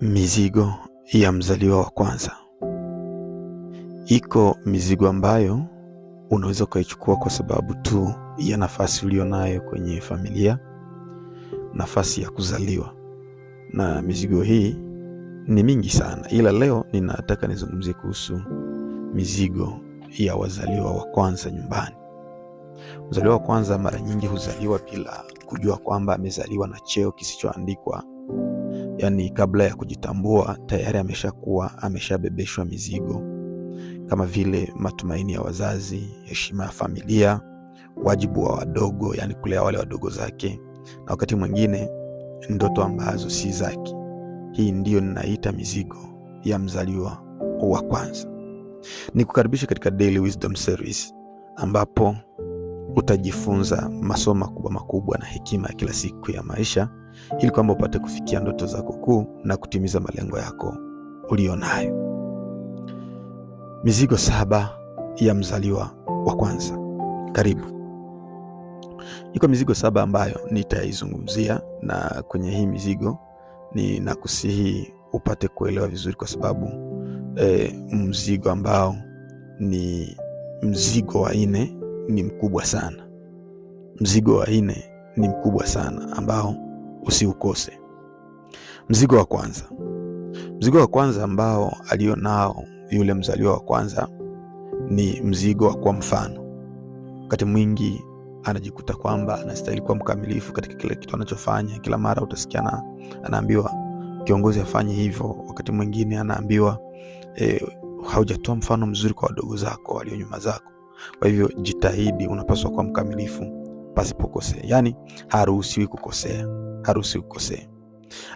Mizigo ya mzaliwa wa kwanza. Iko mizigo ambayo unaweza ukaichukua kwa sababu tu ya nafasi ulionayo kwenye familia, nafasi ya kuzaliwa, na mizigo hii ni mingi sana, ila leo ninataka nizungumzie kuhusu mizigo ya wazaliwa wa kwanza nyumbani. Mzaliwa wa kwanza mara nyingi huzaliwa bila kujua kwamba amezaliwa na cheo kisichoandikwa yaani kabla ya kujitambua tayari ameshakuwa ameshabebeshwa mizigo kama vile matumaini ya wazazi, heshima ya familia, wajibu wa wadogo, yaani kulea wale wadogo zake, na wakati mwingine ndoto ambazo si zake. Hii ndiyo ninaita mizigo ya mzaliwa wa kwanza. kukaribisha katika Daily Wisdom Series ambapo utajifunza masomo makubwa makubwa na hekima ya kila siku ya maisha, ili kwamba upate kufikia ndoto zako kuu na kutimiza malengo yako ulio nayo. Mizigo saba ya mzaliwa wa kwanza. Karibu. Iko mizigo saba ambayo nitaizungumzia, na kwenye hii mizigo ni nakusihi upate kuelewa vizuri, kwa sababu e, mzigo ambao ni mzigo wa nne ni mkubwa sana, mzigo wa nne ni mkubwa sana ambao usiukose. Mzigo wa kwanza, mzigo wa kwanza ambao alionao yule mzaliwa wa kwanza ni mzigo wa kwa mfano. Wakati mwingi anajikuta kwamba anastahili kuwa mkamilifu katika kile kitu anachofanya. Kila mara utasikiana anaambiwa kiongozi afanye hivyo, wakati mwingine anaambiwa e, haujatoa mfano mzuri kwa wadogo zako walio nyuma zako. Kwa hivyo jitahidi, unapaswa kuwa mkamilifu pasipo kosea, yaani haruhusiwi kukosea, haruhusiwi kukosea.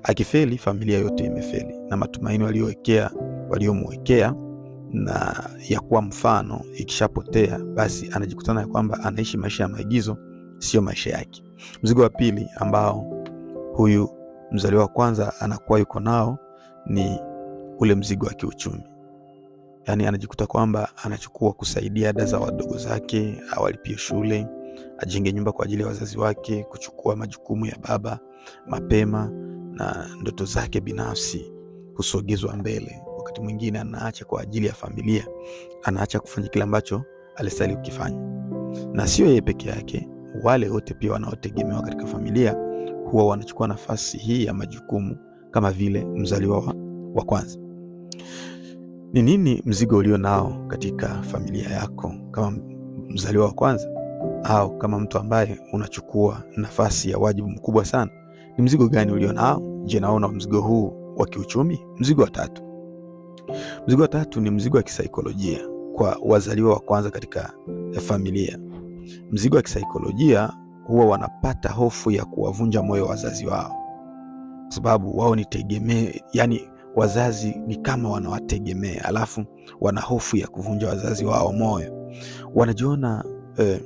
Akifeli familia yote imefeli, na matumaini waliowekea waliomwekea na ya kuwa mfano ikishapotea, basi anajikutana ya kwamba anaishi maisha ya maigizo, sio maisha yake. Mzigo wa pili ambao huyu mzaliwa wa kwanza anakuwa yuko nao ni ule mzigo wa kiuchumi yani anajikuta kwamba anachukua kusaidia ada za wadogo zake, awalipie shule, ajenge nyumba kwa ajili ya wazazi wake, kuchukua majukumu ya baba mapema, na ndoto zake binafsi husogezwa mbele. Wakati mwingine anaacha kwa ajili ya familia, anaacha kufanya kile ambacho alistahili kukifanya. Na sio yeye peke yake, wale wote pia wanaotegemewa katika familia huwa wanachukua nafasi hii ya majukumu kama vile mzaliwa wa, wa kwanza. Ni nini mzigo ulio nao katika familia yako kama mzaliwa wa kwanza au kama mtu ambaye unachukua nafasi ya wajibu mkubwa sana? Ni mzigo gani ulio nao? Je, naona mzigo huu wa kiuchumi? Mzigo wa tatu, mzigo wa tatu ni mzigo wa kisaikolojia kwa wazaliwa wa kwanza katika familia. Mzigo wa kisaikolojia huwa wanapata hofu ya kuwavunja moyo wazazi wao, kwa sababu wao ni tegemeo, yani wazazi ni kama wanawategemea, alafu wana hofu ya kuvunja wazazi wao moyo, wanajiona eh,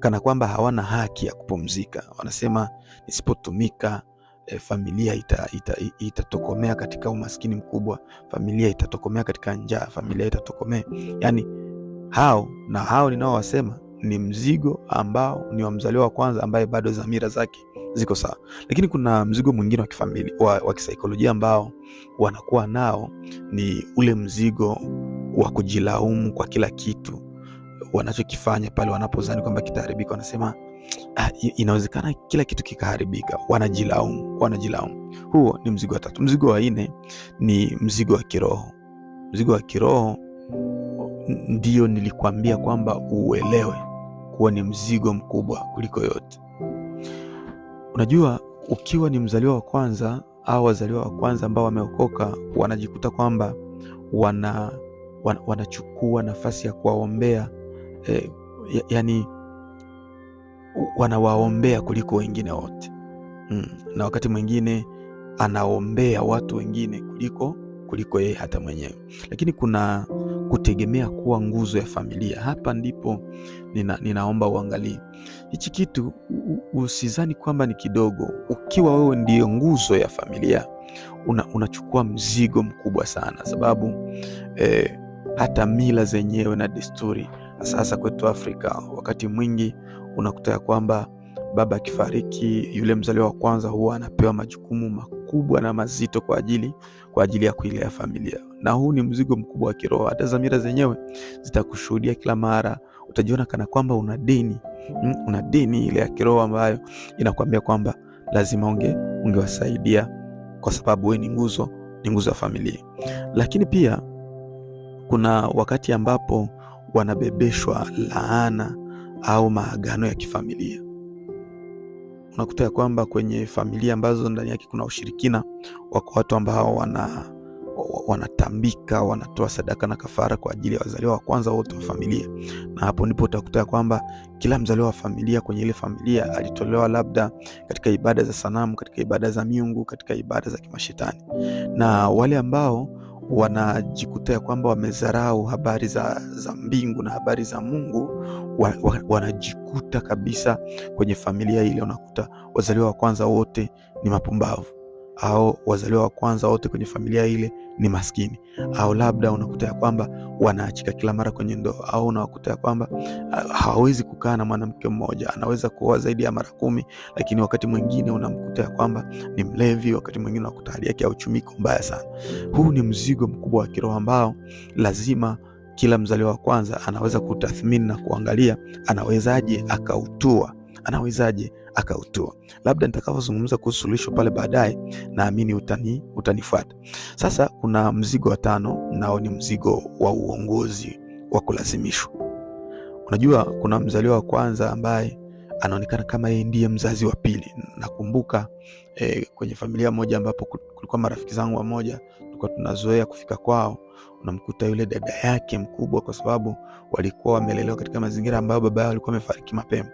kana kwamba hawana haki ya kupumzika. Wanasema nisipotumika eh, familia itatokomea ita, ita katika umaskini mkubwa, familia itatokomea katika njaa, familia itatokomea. Yani hao na hao ninaowasema ni mzigo ambao ni wa mzaliwa wa kwanza ambaye bado dhamira zake ziko sawa, lakini kuna mzigo mwingine wa kifamili wa, wa kisaikolojia ambao wanakuwa nao ni ule mzigo wa kujilaumu kwa kila kitu wanachokifanya pale wanapozani kwamba kitaharibika, wanasema ah, inawezekana kila kitu kikaharibika, wanajilaumu, wanajilaumu. Huo ni mzigo wa tatu. Mzigo wa nne ni mzigo wa kiroho. Mzigo wa kiroho ndio nilikwambia kwamba uelewe kuwa ni mzigo mkubwa kuliko yote. Unajua, ukiwa ni mzaliwa wa kwanza au wazaliwa wa kwanza ambao wameokoka wanajikuta kwamba wana, wana, wanachukua nafasi ya kuwaombea eh, yani wanawaombea kuliko wengine wote mm. Na wakati mwingine anaombea watu wengine kuliko kuliko yeye hata mwenyewe, lakini kuna kutegemea kuwa nguzo ya familia. Hapa ndipo nina, ninaomba uangalie hichi kitu, usizani kwamba ni kidogo. Ukiwa wewe ndiyo nguzo ya familia una, unachukua mzigo mkubwa sana, sababu eh, hata mila zenyewe na desturi, sasa kwetu Afrika, wakati mwingi unakuta ya kwamba baba akifariki, yule mzaliwa wa kwanza huwa anapewa majukumu makubwa na mazito kwa ajili kwa ajili ya kuilea familia, na huu ni mzigo mkubwa wa kiroho. Hata dhamira zenyewe zitakushuhudia kila mara, utajiona kana kwamba una deni, hmm, una deni ile ya kiroho ambayo inakwambia kwamba lazima unge ungewasaidia kwa sababu wewe ni nguzo, ni nguzo ya familia. Lakini pia kuna wakati ambapo wanabebeshwa laana au maagano ya kifamilia unakuta ya kwamba kwenye familia ambazo ndani yake kuna ushirikina, wako watu ambao wana wanatambika wanatoa sadaka na kafara kwa ajili ya wazaliwa wa kwanza wote wa familia, na hapo ndipo utakuta kwamba kila mzaliwa wa familia kwenye ile familia alitolewa labda katika ibada za sanamu, katika ibada za miungu, katika ibada za kimashetani. Na wale ambao wanajikuta ya kwamba wamezarau habari za, za mbingu na habari za Mungu wa, wa, wanajikuta kabisa kwenye familia ile, unakuta wazaliwa wa kwanza wote ni mapumbavu au wazaliwa wa kwanza wote kwenye familia ile ni maskini, au labda unakuta ya kwamba wanaachika kila mara kwenye ndoa, au unakuta ya kwamba ah, hawawezi kukaa na mwanamke mmoja, anaweza kuoa zaidi ya mara kumi, lakini wakati mwingine unamkuta ya kwamba ni mlevi, wakati mwingine unakuta hali yake ya uchumi iko mbaya sana. Huu ni mzigo mkubwa wa kiroho ambao lazima kila mzaliwa wa kwanza anaweza kutathmini na kuangalia, anawezaje akautua, anawezaje akautoa. Labda nitakavyozungumza kuhusu suluhisho pale baadaye, naamini utani utanifuata. Sasa kuna mzigo wa tano, nao ni mzigo wa uongozi wa kulazimishwa. Unajua, kuna mzaliwa wa kwanza ambaye anaonekana kama yeye ndiye mzazi wa pili. Nakumbuka eh, kwenye familia moja ambapo kulikuwa marafiki zangu wa moja tulikuwa tunazoea kufika kwao, unamkuta yule dada yake mkubwa, kwa sababu walikuwa wamelelewa katika mazingira ambayo baba yao alikuwa amefariki mapema,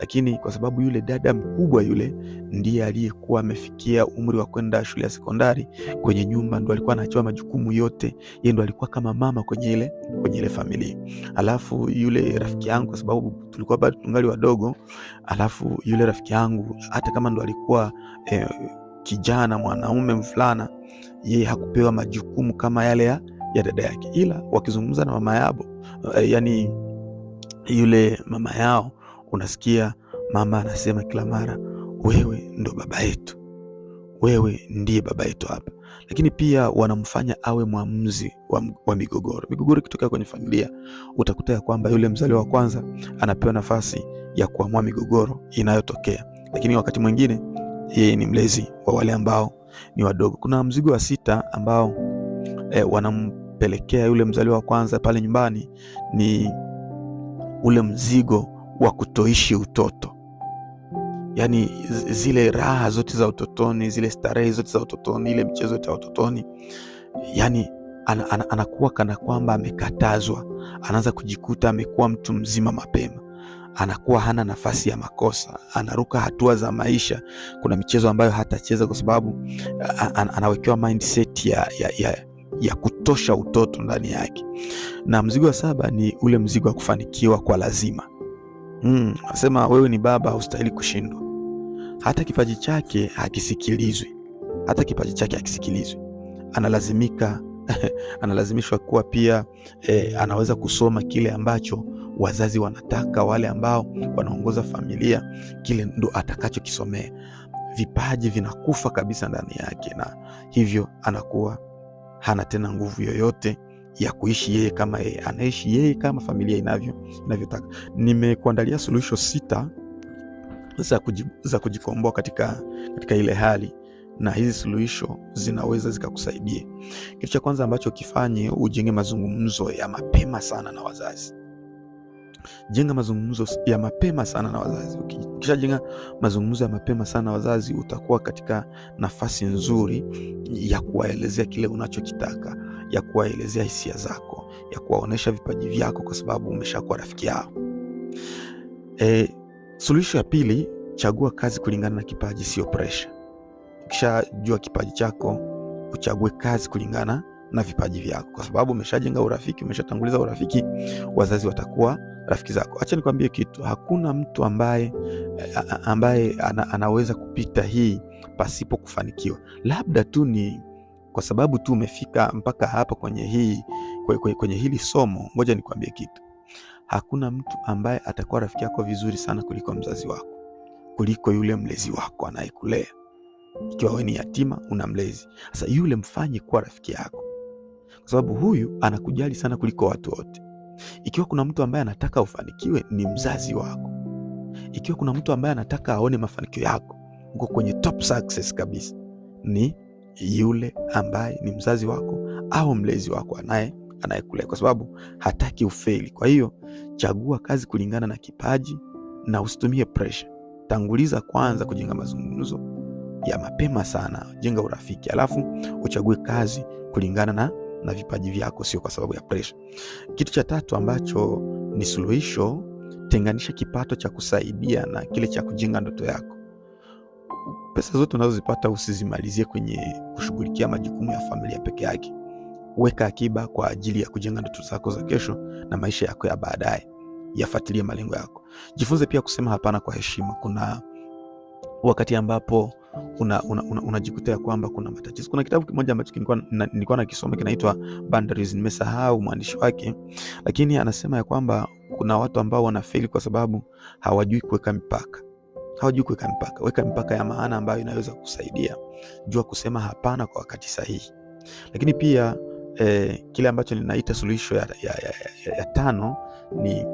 lakini kwa sababu yule dada mkubwa yule ndiye aliyekuwa amefikia umri wa kwenda shule ya sekondari, kwenye nyumba ndo alikuwa anachoa majukumu yote, yeye ndo alikuwa kama mama kwenye ile kwenye ile familia. Alafu yule rafiki yangu, kwa sababu tulikuwa bado tungali wadogo, alafu yule rafiki yangu hata kama ndo alikuwa eh, kijana mwanaume mfulana, yeye hakupewa majukumu kama yale ya, ya dada yake, ila wakizungumza na mama yao, eh, yani yule mama yao, unasikia mama anasema kila mara, wewe ndo baba yetu, wewe ndiye baba yetu hapa. Lakini pia wanamfanya awe mwamuzi wa, wa migogoro. Migogoro ikitokea kwenye familia, utakuta ya kwamba yule mzaliwa wa kwanza anapewa nafasi ya kuamua migogoro inayotokea, lakini wakati mwingine yeye ni mlezi wa wale ambao ni wadogo. Kuna mzigo wa sita ambao eh, wanampelekea yule mzaliwa wa kwanza pale nyumbani ni ule mzigo wa kutoishi utoto, yaani zile raha zote za utotoni, zile starehe zote za utotoni, ile mchezo yote ya utotoni, yaani anakuwa ana, anakuwa kana kwamba amekatazwa, anaanza kujikuta amekuwa mtu mzima mapema anakuwa hana nafasi ya makosa, anaruka hatua za maisha. Kuna michezo ambayo hatacheza kwa sababu an, anawekewa mindset ya, ya, ya, ya kutosha utoto ndani yake. Na mzigo wa saba ni ule mzigo wa kufanikiwa kwa lazima. Anasema hmm, wewe ni baba, haustahili kushindwa. Hata kipaji chake hakisikilizwi, hata kipaji chake hakisikilizwi, analazimika analazimishwa kuwa pia eh, anaweza kusoma kile ambacho wazazi wanataka, wale ambao wanaongoza familia, kile ndo atakachokisomea. Vipaji vinakufa kabisa ndani yake, na hivyo anakuwa hana tena nguvu yoyote ya kuishi yeye kama yeye, anaishi yeye kama familia inavyo inavyotaka. Nimekuandalia suluhisho sita za, za kujikomboa katika, katika ile hali na hizi suluhisho zinaweza zikakusaidia. Kitu cha kwanza ambacho ukifanye, ujenge mazungumzo ya mapema sana na wazazi jenga mazungumzo ya mapema sana na wazazi. Ukishajenga mazungumzo ya mapema sana na wazazi, utakuwa katika nafasi nzuri ya kuwaelezea kile unachokitaka, ya kuwaelezea hisia zako, ya kuwaonyesha vipaji vyako, kwa sababu umeshakuwa rafiki yao. E, suluhisho ya pili, chagua kazi kulingana na kipaji, sio presha. Ukishajua kipaji chako, uchague kazi kulingana na vipaji vyako, kwa sababu umeshajenga urafiki, umeshatanguliza urafiki, wazazi watakuwa rafiki zako. Acha nikwambie kitu, hakuna mtu ambaye, eh, ambaye ana, anaweza kupita hii pasipo kufanikiwa. Labda tu ni kwa sababu tu umefika mpaka hapa kwenye hii kwenye, kwenye hili somo. Ngoja nikwambie kitu, hakuna mtu ambaye atakuwa rafiki yako vizuri sana kuliko mzazi wako, kuliko yule mlezi wako anayekulea. Ikiwa wewe ni yatima, una mlezi sasa, yule mfanye kuwa rafiki yako, kwa sababu huyu anakujali sana kuliko watu wote. Ikiwa kuna mtu ambaye anataka ufanikiwe, ni mzazi wako. Ikiwa kuna mtu ambaye anataka aone mafanikio yako, uko kwenye top success kabisa, ni yule ambaye ni mzazi wako au mlezi wako anaye anayekulea, kwa sababu hataki ufeli. Kwa hiyo chagua kazi kulingana na kipaji na usitumie pressure. Tanguliza kwanza kujenga mazungumzo ya mapema sana, jenga urafiki, alafu uchague kazi kulingana na na vipaji vyako, sio kwa sababu ya presha. Kitu cha tatu ambacho ni suluhisho, tenganisha kipato cha kusaidia na kile cha kujenga ndoto yako. Pesa zote unazozipata usizimalizie kwenye kushughulikia majukumu ya familia peke yake. Weka akiba kwa ajili ya kujenga ndoto zako za kesho na maisha yako ya baadaye. Yafuatilie malengo yako. Jifunze pia kusema hapana kwa heshima. Kuna wakati ambapo unajikuta una, una, una kwamba kuna matatizo. Kuna kitabu kimoja ambacho nilikuwa nakisoma kinaitwa Boundaries, nimesahau mwandishi wake, lakini anasema ya kwamba kuna watu ambao wanafeli kwa sababu hawajui kuweka mipaka hawajui kuweka mipaka. Weka mipaka ya maana ambayo inaweza kusaidia. Jua kusema hapana kwa wakati sahihi. Lakini pia eh, kile ambacho ninaita suluhisho ya, ya, ya, ya, ya tano ni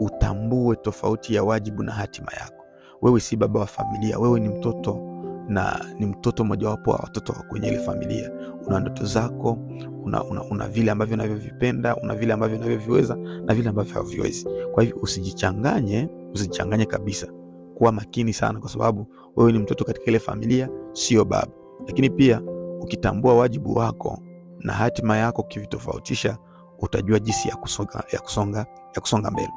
utambue tofauti ya wajibu na hatima yako. Wewe si baba wa familia, wewe ni mtoto na ni mtoto mojawapo wa watoto kwenye ile familia. Una ndoto zako, una, una, una vile ambavyo unavyovipenda, una vile ambavyo unavyoviweza na vile ambavyo haviwezi. Kwa hivyo usijichanganye, usijichanganye kabisa. Kuwa makini sana, kwa sababu wewe ni mtoto katika ile familia, sio baba. Lakini pia ukitambua wajibu wako na hatima yako, ukivitofautisha utajua jinsi ya kusonga, ya kusonga, ya kusonga mbele.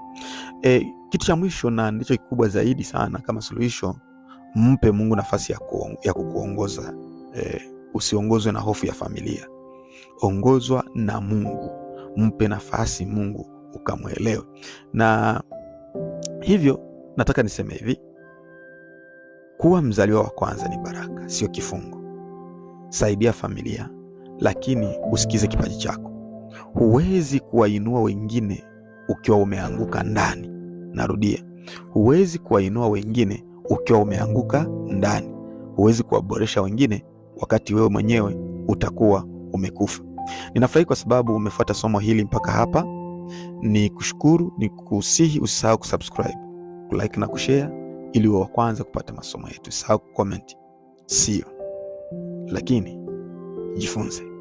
E, kitu cha mwisho na ndicho kikubwa zaidi sana kama suluhisho mpe Mungu nafasi ya, ku, ya kukuongoza eh, usiongozwe na hofu ya familia, ongozwa na Mungu, mpe nafasi Mungu ukamwelewe. Na hivyo nataka niseme hivi, kuwa mzaliwa wa kwanza ni baraka, sio kifungo. Saidia familia, lakini usikize kipaji chako. Huwezi kuwainua wengine ukiwa umeanguka ndani. Narudia, huwezi kuwainua wengine ukiwa umeanguka ndani. Huwezi kuwaboresha wengine wakati wewe mwenyewe utakuwa umekufa. Ninafurahi kwa sababu umefuata somo hili mpaka hapa. Ni kushukuru, ni kusihi usisahau kusubscribe, kulike na kushare ili uwe wa kwanza kupata masomo yetu. Usisahau kucomment, sio lakini jifunze.